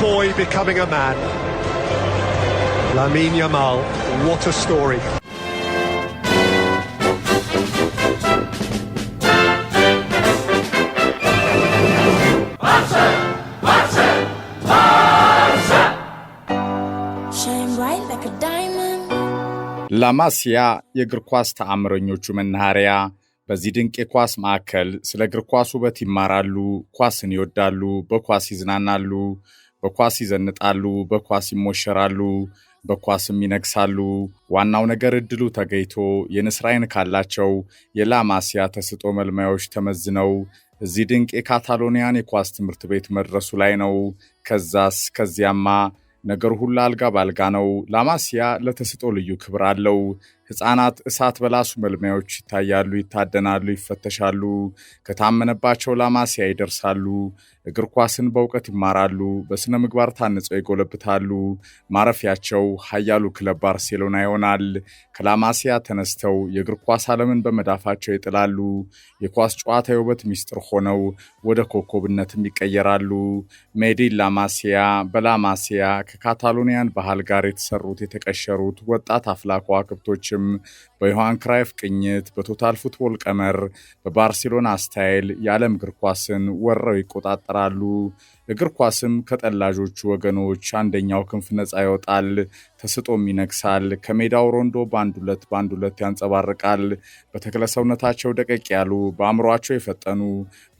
boy becoming a man. Lamine Yamal, what a story. ላማሲያ የእግር ኳስ ተአምረኞቹ መናኸሪያ። በዚህ ድንቅ የኳስ ማዕከል ስለ እግር ኳስ ውበት ይማራሉ፣ ኳስን ይወዳሉ፣ በኳስ ይዝናናሉ። በኳስ ይዘንጣሉ፣ በኳስ ይሞሸራሉ፣ በኳስም ይነግሳሉ። ዋናው ነገር እድሉ ተገይቶ የንስራይን ካላቸው የላማሲያ ተስጦ መልማዮች ተመዝነው እዚህ ድንቅ የካታሎኒያን የኳስ ትምህርት ቤት መድረሱ ላይ ነው። ከዛስ ከዚያማ ነገር ሁሉ አልጋ ባልጋ ነው። ላማሲያ ለተስጦ ልዩ ክብር አለው። ህፃናት እሳት በላሱ መልሚያዎች ይታያሉ፣ ይታደናሉ፣ ይፈተሻሉ፣ ከታመነባቸው ላማሲያ ይደርሳሉ፣ እግር ኳስን በእውቀት ይማራሉ፣ በሥነ ምግባር ታንጸው ይጎለብታሉ። ማረፊያቸው ኃያሉ ክለብ ባርሴሎና ይሆናል። ከላማሲያ ተነስተው የእግር ኳስ ዓለምን በመዳፋቸው ይጥላሉ። የኳስ ጨዋታ የውበት ሚስጥር ሆነው ወደ ኮከብነትም ይቀየራሉ። ሜዲ ላማሲያ በላማሲያ ከካታሎኒያን ባህል ጋር የተሰሩት የተቀሸሩት ወጣት አፍላ ከዋክብቶችም ግቦችም በዮሐን ክራይፍ ቅኝት በቶታል ፉትቦል ቀመር በባርሴሎና ስታይል የዓለም እግር ኳስን ወረው ይቆጣጠራሉ። እግር ኳስም ከጠላጆቹ ወገኖች አንደኛው ክንፍ ነፃ ይወጣል፣ ተስጦም ይነግሳል። ከሜዳው ሮንዶ በአንድ ሁለት በአንድ ሁለት ያንጸባርቃል። በተክለ ሰውነታቸው ደቀቅ ያሉ፣ በአእምሯቸው የፈጠኑ፣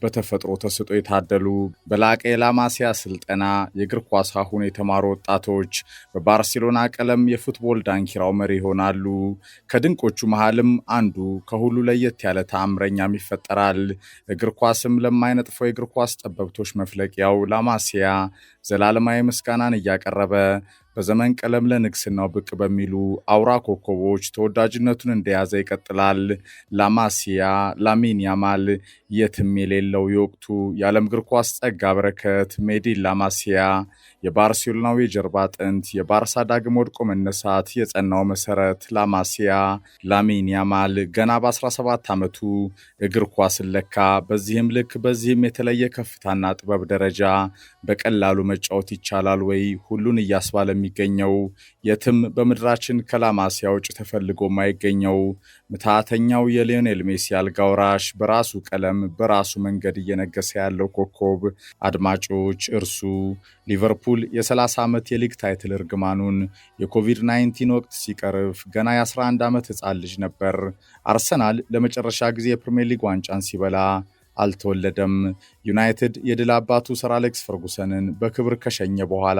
በተፈጥሮ ተስጦ የታደሉ፣ በላቀ የላማሲያ ስልጠና የእግር ኳስ አሁን የተማሩ ወጣቶች በባርሴሎና ቀለም የፉትቦል ዳንኪራው መሪ ይሆናሉ። ከድንቆቹ መሃልም አንዱ ከሁሉ ለየት ያለ ተአምረኛም ይፈጠራል። እግር ኳስም ለማይነጥፈው የእግር ኳስ ጠበብቶች መፍለቂያው አማሲያ ዘላለማዊ ምስጋናን እያቀረበ በዘመን ቀለም ለንግስናው ብቅ በሚሉ አውራ ኮከቦች ተወዳጅነቱን እንደያዘ ይቀጥላል። ላማሲያ ላሚን ያማል የትም የሌለው የወቅቱ የዓለም እግር ኳስ ጸጋ በረከት ሜዲን ላማሲያ የባርሴሎናው የጀርባ አጥንት፣ የባርሳ ዳግም ወድቆ መነሳት፣ የጸናው መሰረት፣ ላማሲያ፣ ላሚን ያማል ገና በ17 ዓመቱ እግር ኳስ ለካ። በዚህም ልክ በዚህም የተለየ ከፍታና ጥበብ ደረጃ በቀላሉ መጫወት ይቻላል ወይ? ሁሉን እያስባለ የሚገኘው የትም በምድራችን ከላማሲያ ውጭ ተፈልጎ የማይገኘው ምታተኛው የሊዮኔል ሜሲ አልጋ በራሱ ቀለም በራሱ መንገድ እየነገሰ ያለው ኮከብ አድማጮች እርሱ ሊቨርፑል የ30 ዓመት የሊግ ታይትል እርግማኑን የኮቪድ-19 ወቅት ሲቀርፍ ገና የ11 ዓመት ሕፃን ልጅ ነበር። አርሰናል ለመጨረሻ ጊዜ የፕሪምየር ሊግ ዋንጫን ሲበላ አልተወለደም። ዩናይትድ የድል አባቱ ሰር አሌክስ ፈርጉሰንን በክብር ከሸኘ በኋላ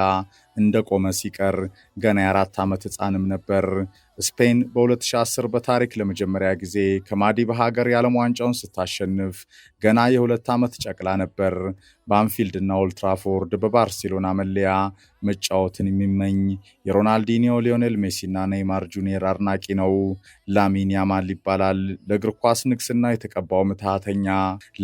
እንደቆመ ሲቀር ገና የአራት ዓመት ሕፃንም ነበር። ስፔን በ2010 በታሪክ ለመጀመሪያ ጊዜ ከማዲባ ሀገር የዓለም ዋንጫውን ስታሸንፍ ገና የሁለት ዓመት ጨቅላ ነበር። በአንፊልድ እና ኦልትራፎርድ በባርሴሎና መለያ መጫወትን የሚመኝ የሮናልዲኒዮ፣ ሊዮኔል ሜሲና ኔይማር ጁኒየር አድናቂ ነው። ላሚን ያማል ይባላል። ለእግር ኳስ ንግስና የተቀባው ምትሃተኛ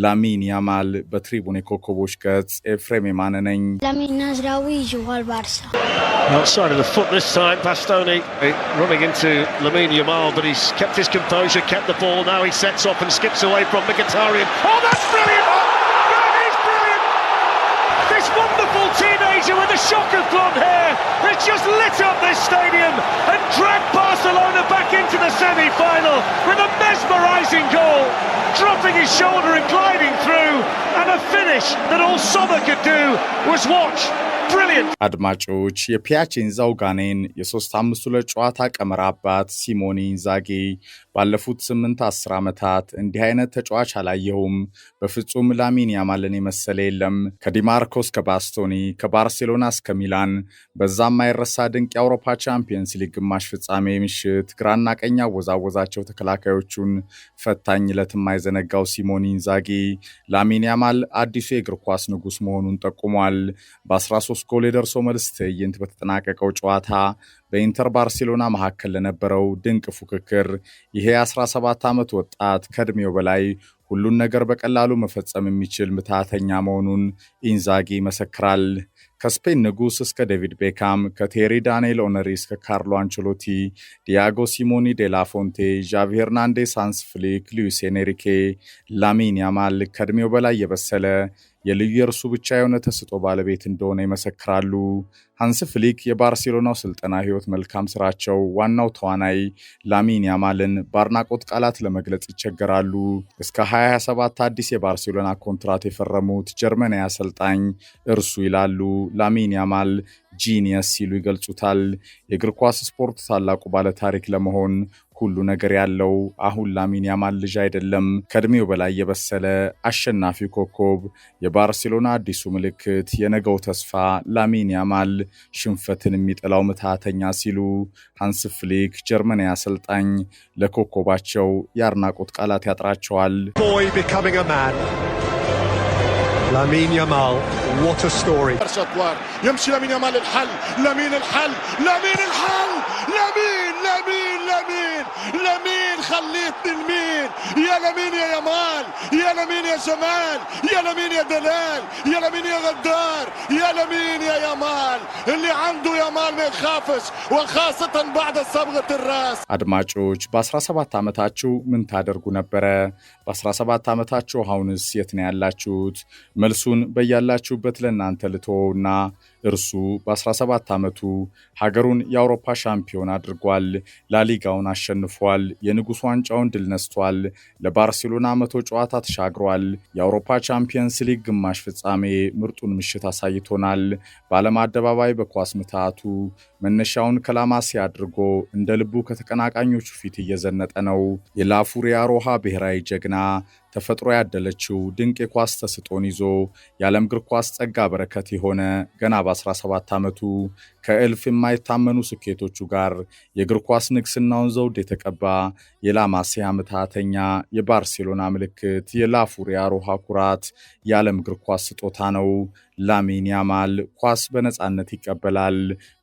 ላሚን ያማል በትሪቡን የኮከቦች ገጽ ኤፍሬም የማነ ነኝ። ላሚን ናዝራዊ ይዋል ባርሳ Outside of the foot this time, Bastoni eh, running into Lamine Yamal, but he's kept his composure, kept the ball. Now he sets off and skips away from Mkhitaryan. Oh, that's brilliant! Oh, that is brilliant! This wonderful teenager with a shock of blonde hair has just lit up this stadium and dragged Barcelona back into the semi-final with a mesmerising goal, dropping his shoulder and gliding through, and a finish that all summer could do was watch. አድማጮች የፒያቼ ጋኔን የሶስት አምስት ሁለት ጨዋታ ቀመር አባት ሲሞኒ ኢንዛጌ ባለፉት ስምንት አስር ዓመታት እንዲህ አይነት ተጫዋች አላየሁም። በፍጹም ላሚን ያማልን የመሰለ የለም። ከዲማርኮ እስከ ባስቶኒ፣ ከባርሴሎና እስከ ሚላን በዛም አይረሳ ድንቅ የአውሮፓ ቻምፒየንስ ሊግ ግማሽ ፍጻሜ ምሽት ግራና ቀኝ አወዛወዛቸው ተከላካዮቹን። ፈታኝ ዕለትም አይዘነጋው ሲሞኒ ኢንዛጌ ላሚን ያማል አዲሱ የእግር ኳስ ንጉስ መሆኑን ጠቁሟል። በ13 ሶስት ጎል የደርሶ መልስ ትዕይንት በተጠናቀቀው ጨዋታ በኢንተር ባርሴሎና መካከል ለነበረው ድንቅ ፉክክር ይሄ 17 ዓመት ወጣት ከእድሜው በላይ ሁሉን ነገር በቀላሉ መፈጸም የሚችል ምትሃተኛ መሆኑን ኢንዛጊ ይመሰክራል። ከስፔን ንጉሥ እስከ ዴቪድ ቤካም፣ ከቴሪ ዳንኤል ኦነሪ እስከ ካርሎ አንቸሎቲ፣ ዲያጎ ሲሞኒ፣ ዴላፎንቴ፣ ዣቪ ሄርናንዴስ፣ ሃንስ ፍሊክ፣ ሉዊስ ኤንሪኬ፣ ላሚን ያማል ከዕድሜው በላይ የበሰለ የልዩ የእርሱ ብቻ የሆነ ተስጦ ባለቤት እንደሆነ ይመሰክራሉ። ሃንስ ፍሊክ የባርሴሎናው ስልጠና ህይወት መልካም ስራቸው ዋናው ተዋናይ ላሚን ያማልን በአድናቆት ቃላት ለመግለጽ ይቸገራሉ። እስከ 2027 አዲስ የባርሴሎና ኮንትራት የፈረሙት ጀርመናዊ አሰልጣኝ እርሱ ይላሉ። ላሚን ያማል ጂኒየስ ሲሉ ይገልጹታል። የእግር ኳስ ስፖርት ታላቁ ባለታሪክ ለመሆን ሁሉ ነገር ያለው አሁን ላሚን ያማል ልጅ አይደለም፣ ከእድሜው በላይ የበሰለ አሸናፊው ኮከብ፣ የባርሴሎና አዲሱ ምልክት፣ የነገው ተስፋ ላሚን ያማል ሽንፈትን የሚጠላው ምትሃተኛ ሲሉ ሃንስ ፍሊክ ጀርመናዊ አሰልጣኝ ለኮከባቸው የአድናቆት ቃላት ያጥራቸዋል። ላሚን ያማል What a story. يمشي لمين يامال للحل لمين الحل لمين الحل لمين لمين لمين لمين خليتني لمين يا لمين يا يامال يا لمين يا جمال يا لمين يا دلال يا لمين يا غدار يا لمين يا يامال اللي عنده يامال ما يخافش وخاصة بعد صبغة الراس አድማጮች በ17 ዓመታችሁ ምን ታደርጉ ነበረ? በ17 ዓመታችሁ አሁንስ የት ነው ያላችሁት? መልሱን በያላችሁ ባላችሁበት ለእናንተ ልቶና እርሱ በ17 ዓመቱ ሀገሩን የአውሮፓ ሻምፒዮን አድርጓል። ላሊጋውን አሸንፏል። የንጉሥ ዋንጫውን ድል ነስቷል። ለባርሴሎና መቶ ጨዋታ ተሻግሯል። የአውሮፓ ቻምፒየንስ ሊግ ግማሽ ፍጻሜ ምርጡን ምሽት አሳይቶናል። በዓለም አደባባይ በኳስ ምትሃቱ መነሻውን ከላማሲ አድርጎ እንደ ልቡ ከተቀናቃኞቹ ፊት እየዘነጠ ነው። የላፉሪያ ሮሃ ብሔራዊ ጀግና ተፈጥሮ ያደለችው ድንቅ የኳስ ተስጦን ይዞ የዓለም እግር ኳስ ጸጋ በረከት የሆነ ገና በ17 ዓመቱ ከእልፍ የማይታመኑ ስኬቶቹ ጋር የእግር ኳስ ንግስናውን ዘውድ የተቀባ የላማሲያ ምትሃተኛ፣ የባርሴሎና ምልክት፣ የላፉሪያ ሮሃ ኩራት የዓለም እግር ኳስ ስጦታ ነው። ላሚን ያማል ኳስ በነፃነት ይቀበላል፣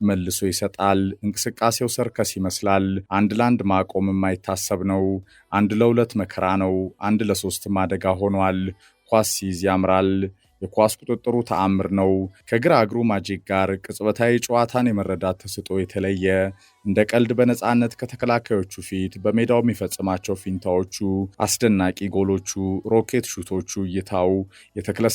መልሶ ይሰጣል። እንቅስቃሴው ሰርከስ ይመስላል። አንድ ለአንድ ማቆም የማይታሰብ ነው። አንድ ለሁለት መከራ ነው። አንድ ለሶስትም አደጋ ሆኗል። ኳስ ሲይዝ ያምራል። የኳስ ቁጥጥሩ ተአምር ነው። ከግራ እግሩ ማጂክ ጋር ቅጽበታዊ ጨዋታን የመረዳት ተስጦ የተለየ እንደ ቀልድ በነፃነት ከተከላካዮቹ ፊት በሜዳው የሚፈጽማቸው ፊንታዎቹ፣ አስደናቂ ጎሎቹ፣ ሮኬት ሹቶቹ እይታው፣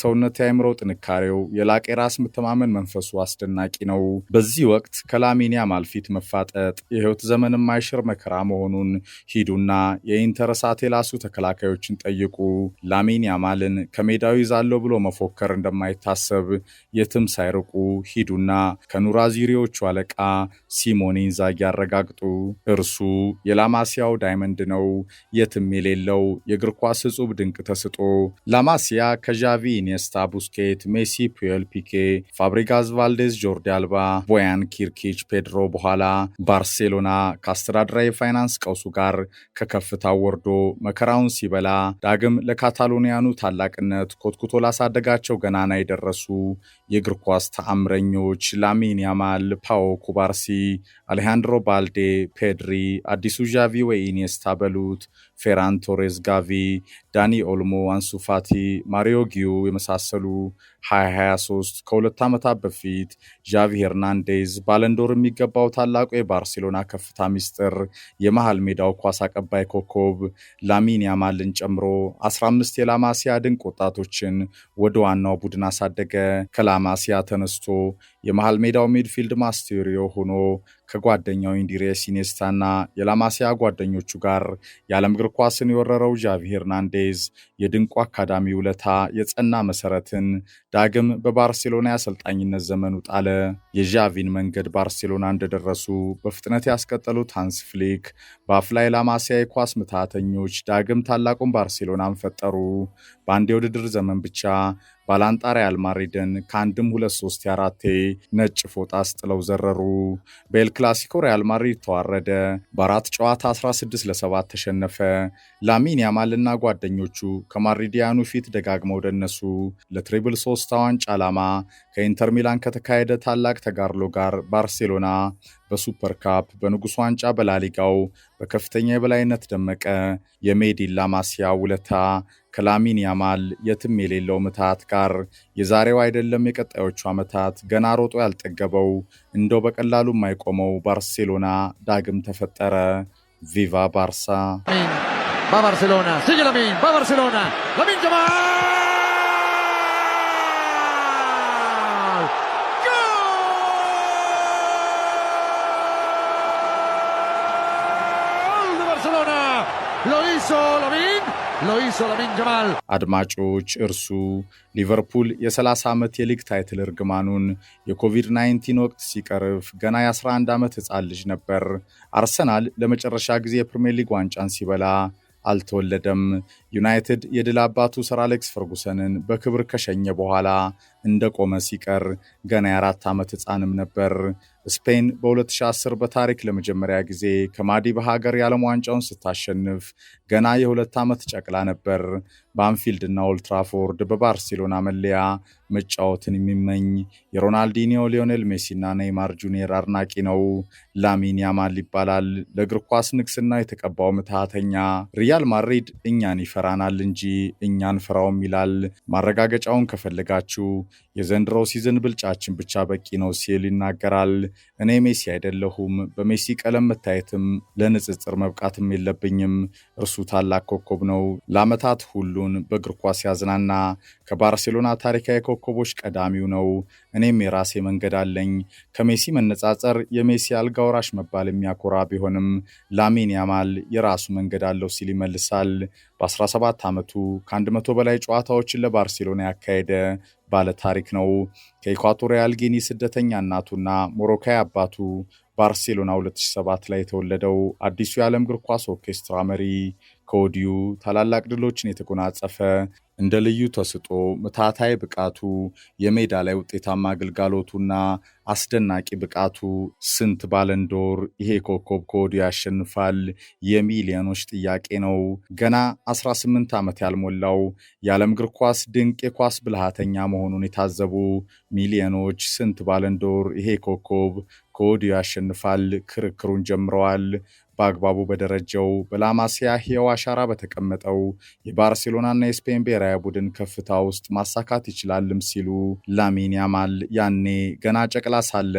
ሰውነት የአእምሮ ጥንካሬው፣ የላቀ ራስ መተማመን መንፈሱ አስደናቂ ነው። በዚህ ወቅት ከላሚን ያማል ፊት መፋጠጥ የህይወት ዘመን የማይሽር መከራ መሆኑን ሂዱና የኢንተር እሳት ተከላካዮችን ጠይቁ። ላሚን ያማልን ከሜዳው ይዛለው ብሎ መፎከር እንደማይታሰብ የትም ሳይርቁ ሂዱና ከኑራዚሪዎቹ አለቃ ሲሞኔ ኢንዛጊ ያረጋግጡ። እርሱ የላማሲያው ዳይመንድ ነው፣ የትም የሌለው የእግር ኳስ እጹብ ድንቅ ተስጦ። ላማሲያ ከዣቪ፣ ኢኔስታ፣ ቡስኬት፣ ሜሲ፣ ፑየል፣ ፒኬ፣ ፋብሪጋዝ፣ ቫልዴዝ፣ ጆርዲ አልባ፣ ቦያን፣ ኪርኪች፣ ፔድሮ በኋላ ባርሴሎና ከአስተዳደራዊ የፋይናንስ ቀውሱ ጋር ከከፍታው ወርዶ መከራውን ሲበላ ዳግም ለካታሎኒያኑ ታላቅነት ኮትኩቶ ላሳደጋቸው ገናና የደረሱ የእግር ኳስ ተአምረኞች ላሚን ያማል፣ ፓዎ ኩባርሲ፣ አሌሃንድሮ ሌandሮ ባልዴ፣ ፔድሪ፣ አዲሱ ዣቪ ወይ ኢኒስታ በሉት፣ ፌራን ቶሬዝ፣ ጋቪ፣ ዳኒ ኦልሞ፣ አንሱፋቲ ማሪዮ ጊዩ የመሳሰሉ 2023 ከሁለት ዓመታት በፊት ዣቪ ሄርናንዴዝ ባለንዶር የሚገባው ታላቁ የባርሴሎና ከፍታ ሚስጥር የመሃል ሜዳው ኳስ አቀባይ ኮከብ ላሚን ያማልን ጨምሮ 15 የላማሲያ ድንቅ ወጣቶችን ወደ ዋናው ቡድን አሳደገ። ከላማሲያ ተነስቶ የመሃል ሜዳው ሚድፊልድ ማስቴሪዮ ሆኖ ከጓደኛው ኢንዲሬ ሲኔስታና የላማሲያ ጓደኞቹ ጋር የዓለም እግር ኳስን የወረረው ዣቪ ሄርናንዴዝ የድንቁ አካዳሚ ውለታ የጸና መሰረትን ዳግም በባርሴሎና የአሰልጣኝነት ዘመኑ ጣለ። የዣቪን መንገድ ባርሴሎና እንደደረሱ በፍጥነት ያስቀጠሉት ሃንስ ፍሊክ በአፍ ላይ ላማሲያ የኳስ ምታተኞች ዳግም ታላቁን ባርሴሎናን ፈጠሩ። በአንድ የውድድር ዘመን ብቻ ባላንጣሪ አልማሪደን ከአንድም ሁለት ሶስት አራቴ ነጭ ፎጣ አስጥለው ዘረሩ። በኤል ክላሲኮ ሪያል ማድሪድ ተዋረደ። በአራት ጨዋታ 16 ለሰባት 7 ተሸነፈ። ላሚን ያማልና ጓደኞቹ ከማድሪዲያኑ ፊት ደጋግመው ደነሱ። ለትሪብል ሶስት ዋንጫ ዓላማ ከኢንተር ሚላን ከተካሄደ ታላቅ ተጋድሎ ጋር ባርሴሎና በሱፐር ካፕ በንጉሥ ዋንጫ በላሊጋው በከፍተኛ የበላይነት ደመቀ። የሜዲላ ማሲያ ውለታ ከላሚን ያማል የትም የሌለው ምታት ጋር የዛሬው አይደለም የቀጣዮቹ ዓመታት ገና ሮጦ ያልጠገበው እንደው በቀላሉ የማይቆመው ባርሴሎና ዳግም ተፈጠረ። ቪቫ ባርሳ! ባርሴሎና ሲጅ ለሚን ባርሴሎና ለሚን ጀማል ሎዊስ ላሚን ያማል። አድማጮች እርሱ ሊቨርፑል የ30 ዓመት የሊግ ታይትል እርግማኑን የኮቪድ-19 ወቅት ሲቀርፍ ገና የ11 ዓመት ሕፃን ልጅ ነበር። አርሰናል ለመጨረሻ ጊዜ የፕሪምየር ሊግ ዋንጫን ሲበላ አልተወለደም። ዩናይትድ የድል አባቱ ሰር አሌክስ ፈርጉሰንን በክብር ከሸኘ በኋላ እንደቆመ ሲቀር ገና የአራት ዓመት ሕፃንም ነበር። ስፔን በ2010 በታሪክ ለመጀመሪያ ጊዜ ከማዲባ ሀገር የዓለም ዋንጫውን ስታሸንፍ ገና የሁለት ዓመት ጨቅላ ነበር። በአንፊልድና ኦልትራፎርድ በባርሴሎና መለያ መጫወትን የሚመኝ የሮናልዲኒዮ፣ ሊዮኔል ሜሲና ኔይማር ጁኒየር አድናቂ ነው። ላሚን ያማል ይባላል። ለእግር ኳስ ንግስና የተቀባው ምትሃተኛ ሪያል ማድሪድ እኛን ይፈ ይፈራናል እንጂ እኛን ፍራውም ይላል። ማረጋገጫውን ከፈለጋችሁ የዘንድሮው ሲዝን ብልጫችን ብቻ በቂ ነው ሲል ይናገራል። እኔ ሜሲ አይደለሁም፣ በሜሲ ቀለም መታየትም ለንጽጽር መብቃትም የለብኝም። እርሱ ታላቅ ኮከብ ነው፣ ለዓመታት ሁሉን በእግር ኳስ ያዝናና፣ ከባርሴሎና ታሪካዊ ኮከቦች ቀዳሚው ነው። እኔም የራሴ መንገድ አለኝ። ከሜሲ መነጻጸር የሜሲ አልጋ ወራሽ መባል የሚያኮራ ቢሆንም ላሚን ያማል የራሱ መንገድ አለው ሲል ይመልሳል። በ17 ዓመቱ ከ100 በላይ ጨዋታዎችን ለባርሴሎና ያካሄደ ባለ ታሪክ ነው። ከኢኳቶሪያል ጊኒ ስደተኛ እናቱና ሞሮካዊ አባቱ ባርሴሎና 2007 ላይ የተወለደው አዲሱ የዓለም እግር ኳስ ኦርኬስትራ መሪ ከወዲሁ ታላላቅ ድሎችን የተጎናጸፈ እንደ ልዩ ተስጦ ምታታይ ብቃቱ የሜዳ ላይ ውጤታማ አገልጋሎቱና አስደናቂ ብቃቱ ስንት ባለንዶር ይሄ ኮከብ ከወዲሁ ያሸንፋል የሚሊዮኖች ጥያቄ ነው። ገና 18 ዓመት ያልሞላው የዓለም እግር ኳስ ድንቅ የኳስ ብልሃተኛ መሆኑን የታዘቡ ሚሊዮኖች ስንት ባለንዶር ይሄ ኮከብ ከወዲ ያሸንፋል ክርክሩን ጀምረዋል። በአግባቡ በደረጀው በላማሲያ ሕያው አሻራ በተቀመጠው የባርሴሎናና የስፔን ብሔራዊ ቡድን ከፍታ ውስጥ ማሳካት ይችላልም ሲሉ ላሚን ያማል ያኔ ገና ጨቅላ ሳለ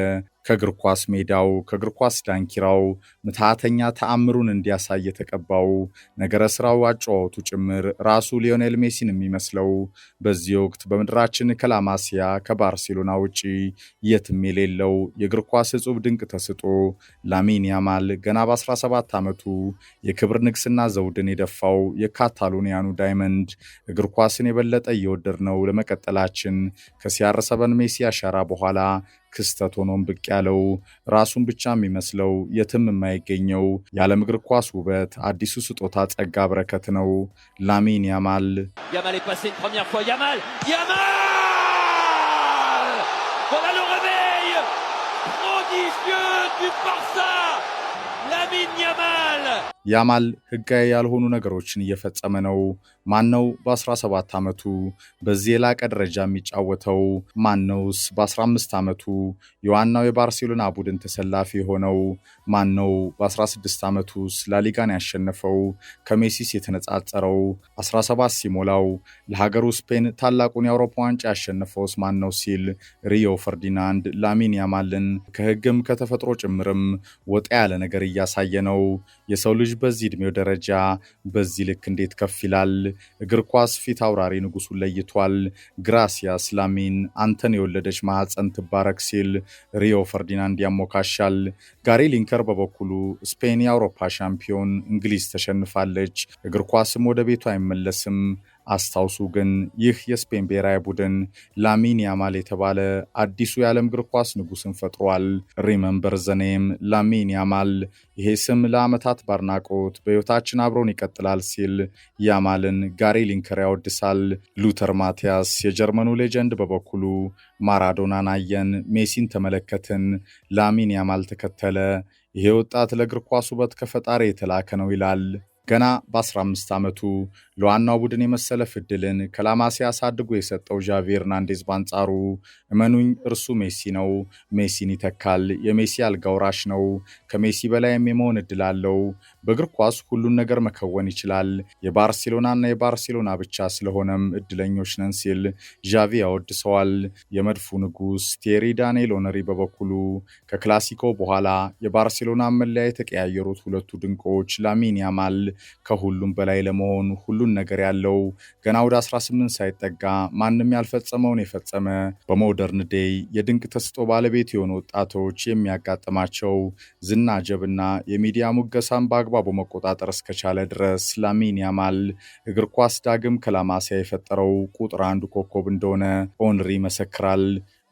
ከእግር ኳስ ሜዳው ከእግር ኳስ ዳንኪራው ምትሃተኛ ተአምሩን እንዲያሳይ የተቀባው ነገረ ስራው አጨዋወቱ ጭምር ራሱ ሊዮኔል ሜሲን የሚመስለው በዚህ ወቅት በምድራችን ከላማሲያ ከባርሴሎና ውጪ የትም የሌለው የእግር ኳስ እጹብ ድንቅ ተስጦ ላሚን ያማል ገና በ17 ዓመቱ የክብር ንግስና ዘውድን የደፋው የካታሎኒያኑ ዳይመንድ እግር ኳስን የበለጠ እየወደድ ነው ለመቀጠላችን ከሲያረሰበን ሜሲ አሻራ በኋላ ክስተት ሆኖም ብቅ ያለው ራሱን ብቻ የሚመስለው የትም የማይገኘው የዓለም እግር ኳስ ውበት አዲሱ ስጦታ ጸጋ በረከት ነው። ላሚን ያማል ያማል ላሚን ያማል ያማል ህጋዊ ያልሆኑ ነገሮችን እየፈጸመ ነው። ነው በ17 ዓመቱ በዚህ የላቀ ደረጃ የሚጫወተው? ነውስ በ15 ዓመቱ የዋናው የባርሴሎና ቡድን ተሰላፊ የሆነው? ነው በ16 ዓመቱስ ላሊጋን ያሸነፈው? ከሜሲስ የተነጻጸረው 17 ሲሞላው ለሀገሩ ስፔን ታላቁን የአውሮፓ ዋንጫ ያሸነፈውስ ማነው? ሲል ሪዮ ፈርዲናንድ ላሚን ያማልን ከህግም ከተፈጥሮ ጭምርም ወጣ ያለ ነገር እያሳ ያሳየ ነው። የሰው ልጅ በዚህ ዕድሜው ደረጃ በዚህ ልክ እንዴት ከፍ ይላል? እግር ኳስ ፊት አውራሪ ንጉሱን ለይቷል። ግራሲያስ ላሚን አንተን የወለደች ማኅፀን ትባረክ ሲል ሪዮ ፈርዲናንድ ያሞካሻል። ጋሪ ሊንከር በበኩሉ ስፔን የአውሮፓ ሻምፒዮን፣ እንግሊዝ ተሸንፋለች፣ እግር ኳስም ወደ ቤቱ አይመለስም አስታውሱ ግን ይህ የስፔን ብሔራዊ ቡድን ላሚን ያማል የተባለ አዲሱ የዓለም እግር ኳስ ንጉስን ፈጥሯል። ሪመምበር ዘኔም ላሚን ያማል። ይሄ ስም ለዓመታት ባድናቆት በሕይወታችን አብሮን ይቀጥላል ሲል ያማልን ጋሪ ሊንከር ያወድሳል። ሉተር ማቲያስ የጀርመኑ ሌጀንድ በበኩሉ ማራዶናን አየን፣ ሜሲን ተመለከትን፣ ላሚን ያማል ተከተለ። ይሄ ወጣት ለእግር ኳስ ውበት ከፈጣሪ የተላከ ነው ይላል። ገና በ15 ዓመቱ ለዋናው ቡድን የመሰለፍ ዕድልን ከላማሲያ አሳድጎ የሰጠው ዣቪ ኤርናንዴዝ ባንጻሩ እመኑኝ እርሱ ሜሲ ነው፣ ሜሲን ይተካል፣ የሜሲ አልጋውራሽ ነው፣ ከሜሲ በላይም የመሆን ዕድል አለው፣ በእግር ኳስ ሁሉን ነገር መከወን ይችላል፣ የባርሴሎናና የባርሴሎና ብቻ ስለሆነም እድለኞች ነን ሲል ዣቪ ያወድሰዋል። የመድፉ ንጉሥ ቴሪ ዳንኤል ኦነሪ በበኩሉ ከክላሲኮ በኋላ የባርሴሎና መለያ የተቀያየሩት ሁለቱ ድንቆች ላሚን ያማል ከሁሉም በላይ ለመሆን ሁሉን ነገር ያለው ገና ወደ 18 ሳይጠጋ ማንም ያልፈጸመውን የፈጸመ በሞደርን ዴይ የድንቅ ተስጦ ባለቤት የሆኑ ወጣቶች የሚያጋጥማቸው ዝና ጀብና የሚዲያ ሙገሳን በአግባቡ መቆጣጠር እስከቻለ ድረስ ላሚን ያማል እግር ኳስ ዳግም ከላማሲያ የፈጠረው ቁጥር አንዱ ኮከብ እንደሆነ ኦንሪ ይመሰክራል።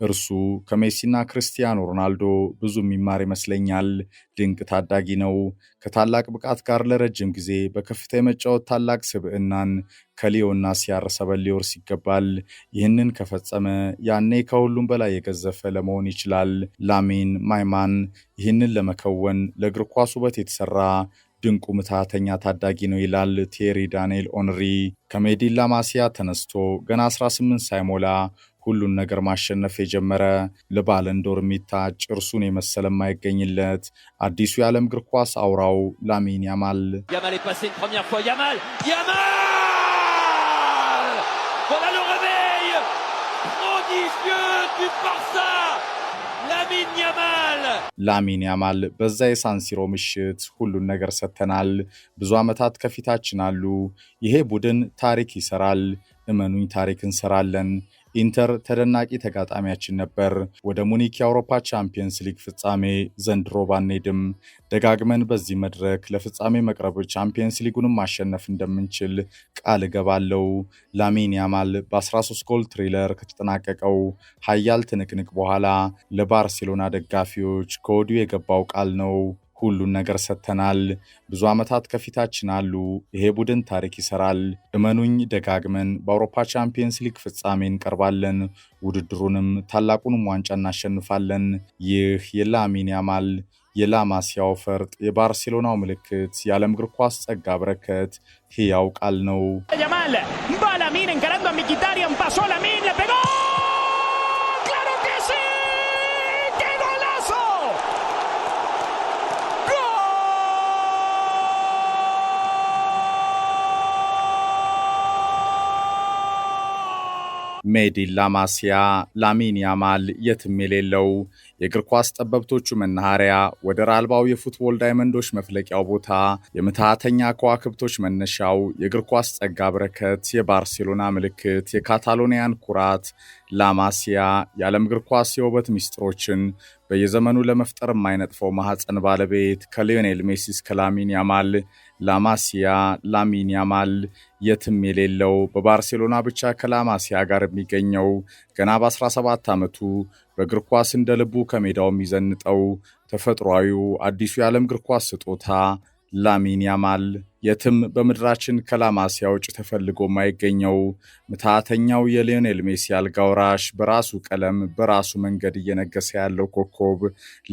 እርሱ ከሜሲና ክርስቲያኖ ሮናልዶ ብዙ የሚማር ይመስለኛል። ድንቅ ታዳጊ ነው። ከታላቅ ብቃት ጋር ለረጅም ጊዜ በከፍታ የመጫወት ታላቅ ስብዕናን ከሊዮና ሲያር ሰበን ሊወርስ ይገባል። ይህንን ከፈጸመ ያኔ ከሁሉም በላይ የገዘፈ ለመሆን ይችላል። ላሚን ማይማን ይህንን ለመከወን ለእግር ኳስ ውበት የተሰራ ድንቁ ምትሃተኛ ታዳጊ ነው ይላል ቴሪ ዳንኤል ኦንሪ። ከሜዲላ ማሲያ ተነስቶ ገና 18 ሳይሞላ ሁሉን ነገር ማሸነፍ የጀመረ ለባለንዶር የሚታጭ እርሱን የመሰለ የማይገኝለት አዲሱ የዓለም እግር ኳስ አውራው ላሚን ያማል ላሚን ያማል በዛ የሳንሲሮ ምሽት ሁሉን ነገር ሰጥተናል። ብዙ ዓመታት ከፊታችን አሉ። ይሄ ቡድን ታሪክ ይሰራል። እመኑኝ ታሪክ እንሰራለን። ኢንተር ተደናቂ ተጋጣሚያችን ነበር። ወደ ሙኒክ የአውሮፓ ቻምፒየንስ ሊግ ፍጻሜ ዘንድሮ ባንሄድም ደጋግመን በዚህ መድረክ ለፍጻሜ መቅረብ ቻምፒየንስ ሊጉንም ማሸነፍ እንደምንችል ቃል እገባለው። ላሚን ያማል በ13 ጎል ትሪለር ከተጠናቀቀው ሀያል ትንቅንቅ በኋላ ለባርሴሎና ደጋፊዎች ከወዲሁ የገባው ቃል ነው። ሁሉን ነገር ሰጥተናል። ብዙ ዓመታት ከፊታችን አሉ። ይሄ ቡድን ታሪክ ይሰራል። እመኑኝ፣ ደጋግመን በአውሮፓ ቻምፒየንስ ሊግ ፍጻሜ እንቀርባለን። ውድድሩንም ታላቁንም ዋንጫ እናሸንፋለን። ይህ የላሚን ያማል የላማሲያው ፈርጥ የባርሴሎናው ምልክት የዓለም እግር ኳስ ጸጋ በረከት ሕያው ቃል ነው። ሜዲን ላማሲያ ላሚን ያማል የትም የሌለው የእግር ኳስ ጠበብቶቹ መናኸሪያ፣ ወደር አልባው የፉትቦል ዳይመንዶች መፍለቂያው ቦታ፣ የምትሃተኛ ከዋክብቶች መነሻው፣ የእግር ኳስ ጸጋ በረከት፣ የባርሴሎና ምልክት፣ የካታሎኒያን ኩራት ላማሲያ የዓለም እግር ኳስ የውበት ሚስጥሮችን በየዘመኑ ለመፍጠር የማይነጥፈው ማህፀን ባለቤት ከሊዮኔል ሜሲ እስከ ላሚን ያማል ላማሲያ ላሚን ያማል የትም የሌለው በባርሴሎና ብቻ ከላማሲያ ጋር የሚገኘው ገና በ17 ዓመቱ በእግር ኳስ እንደ ልቡ ከሜዳው የሚዘንጠው ተፈጥሯዊው አዲሱ የዓለም እግር ኳስ ስጦታ ላሚን ያማል የትም በምድራችን ከላማሲያ ውጭ ተፈልጎ ማይገኘው ምታተኛው የሊዮኔል ሜሲ አልጋ ወራሽ በራሱ ቀለም በራሱ መንገድ እየነገሰ ያለው ኮከብ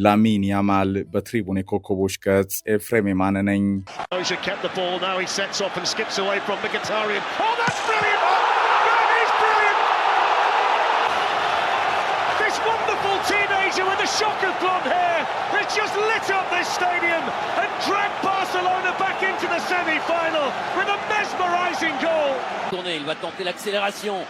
ላሚን ያማል በትሪቡን የኮከቦች ገጽ ኤፍሬም የማነ ነኝ። oh, oh, teenager with a shock of blonde hair just lit up this stadium and dragged by Barcelona back into the semi-final with a mesmerizing goal. Il va tenter l'accélération.